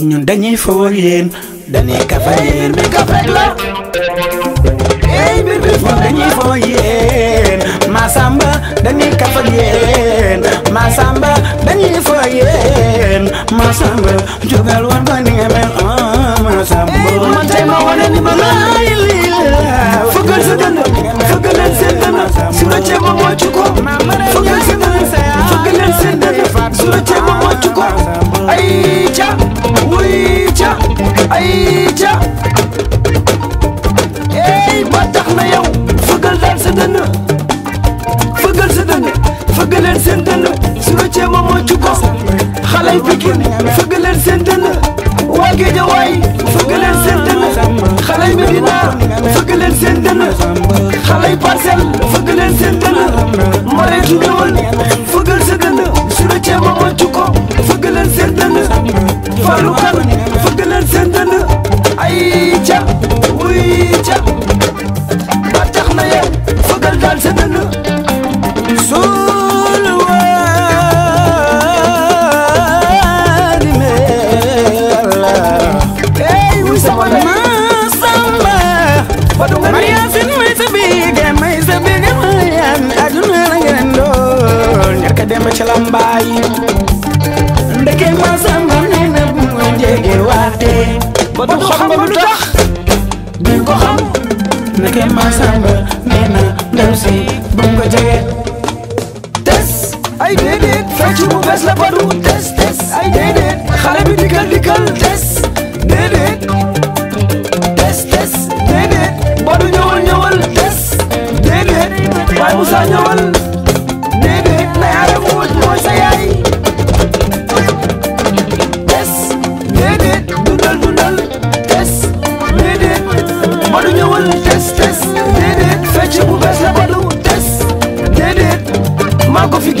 ñun dañuy foo yéen dañuy kafa yéen bi kafek la ey mbir bi ñun dañuy foo yéen Massamba dañuy kafak yéen Massamba dañuy foo yéen Massamba jógal war ko ni nga mel Massamba lii la fëggal sa dënn su la ceeb ma wocc ko fëggal sa dënn fëggal su la ceeb ay ca ey ba tax na yow fëggal daal sa dënn fëggal sa dënn fëggaleen seen dënn suñu cee moom moo ci ko xaley Pikine fëggaleen seen dënn waa Géejawaay fëggaleen seen dënn xaley Medina fëggaleen seen dënn xaley Parcelles fëggaleen seen dënn mareetu ñëwal fëggal sa dënn suñu cee moom moo ci ci lambaay ndeke ma samba nee na bu ma njege waate ba du xam ba lu tax di ko xam samba nee na ndaw jege tes ay déedéet fecc bu bees la ba tes tes ay déedéet xale bi dikkal dikkal tes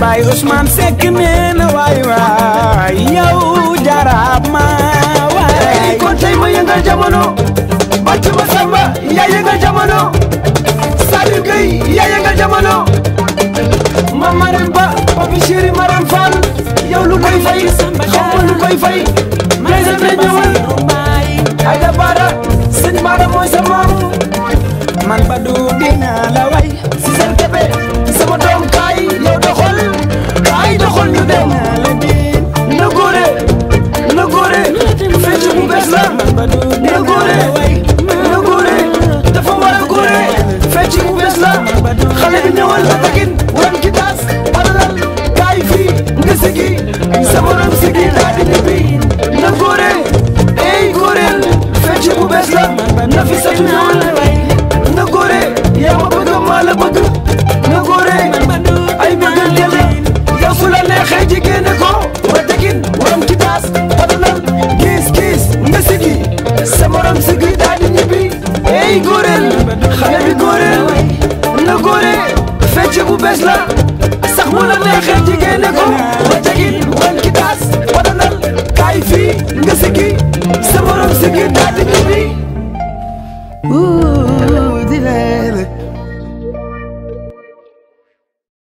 Baye Ousmane Seck nee waay waay yow jaraab ma waay kon tey ma yëngal jamono bàcc ma samba yaa yëngal jamono Saliou Gueye yaa yëngal jamono ma Marème Ba papi chéri Marème Fall lu koy fay xaw lu koy fay deuxième na ñëwal Aïda Bara sëñ Bara mooy sa maam man Badou dinaa la ñëwal ma tegin ki taas alalal kaay fii nga sigi sa borom sigi daa na góore ey góoreel fecc bu bees la na fi sa tu na góore yaa ma bëgg maa la bëgg bu bees la sax mu la neexee jigéen ne ko ba jagin wan ki taas wadanal nga sikki